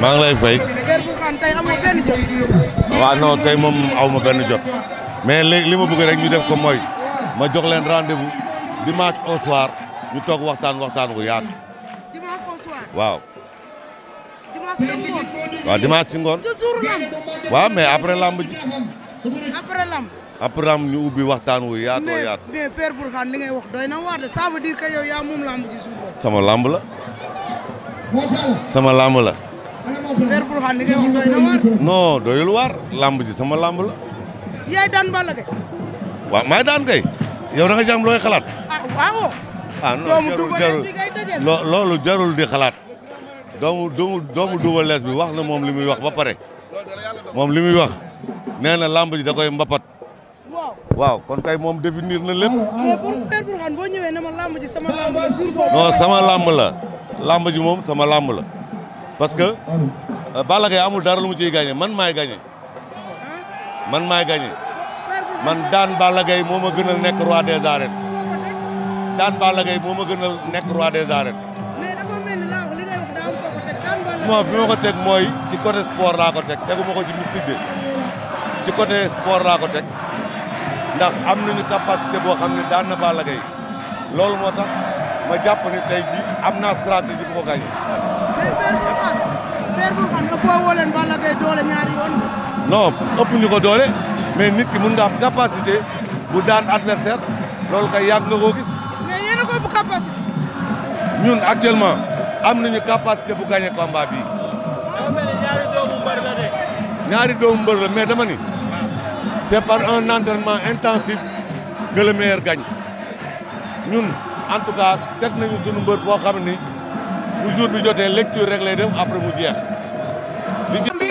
maa ngi lay fay. waaw non moom aw ma benn jot. mais léegi li ma bëgg rek ñu def ko mooy ma jox leen rendez-vous dimanche au ñu toog waxtaan waxtaan gu yaatu. waaw. dimanche ci ci ngoon. waa lamb. waaw mais après lamb ji. après lamb. après lamb ñu ubbi waxtaan wu yaatoo yaatu. yaa moom lamb ji suuf sama lamb la. sama làmb la. Père Bourkhane li doy na waar. non doyul waar làmb ji sama làmb la. yaay daan Balla Gaye. maay daan kay. yow da nga looy xalaat. ah, ah loolu jarul di xalaat. doomu doomu doomu Double bi wax na moom li muy wax ba pare moom li muy wax nee na làmb ji da koy mbapat. waaw kon kay moom définir na lépp. mais ma sama làmb la. làmb ji moom sama làmb la parce que euh, Balla Gaye amul dara lu mu ciy gagné man maay gagné man maa gagné man daan Balla Gaye moo ma gënal nekk roi des arènes daan Balla Gaye moo ma gënal nekk roi des arènes. bi dafa ko teg mooy ci côté sport laa ko teg tegu ma ko ci mystique bi ci côté sport laa ko teg ndax am nañu capacité boo xam ne daan na Balla loolu moo tax ma jàpp ne tey jii. am naa stratégie bu ko gagné. mais Père Bourkhane Père Bourkhane nga booboo leen Balla Gaye doole ñaari yoon. non ëpp ñu ko doole mais nit ki mun nga am bu daan adversaire loolu kay yàgg nga koo gis. mais ko bu capacité. ñun actuellement am nañu capacité bu gagné combat bii. ñaari doomu mbër la de. ñaari doomu mbër la mais dama ni. c'est par un entraînement intensif que le meilleur ñun en tout cas teg nañu sunu mbër boo xam ni bu jour bi jotee lecture rek lay def après mu jeex.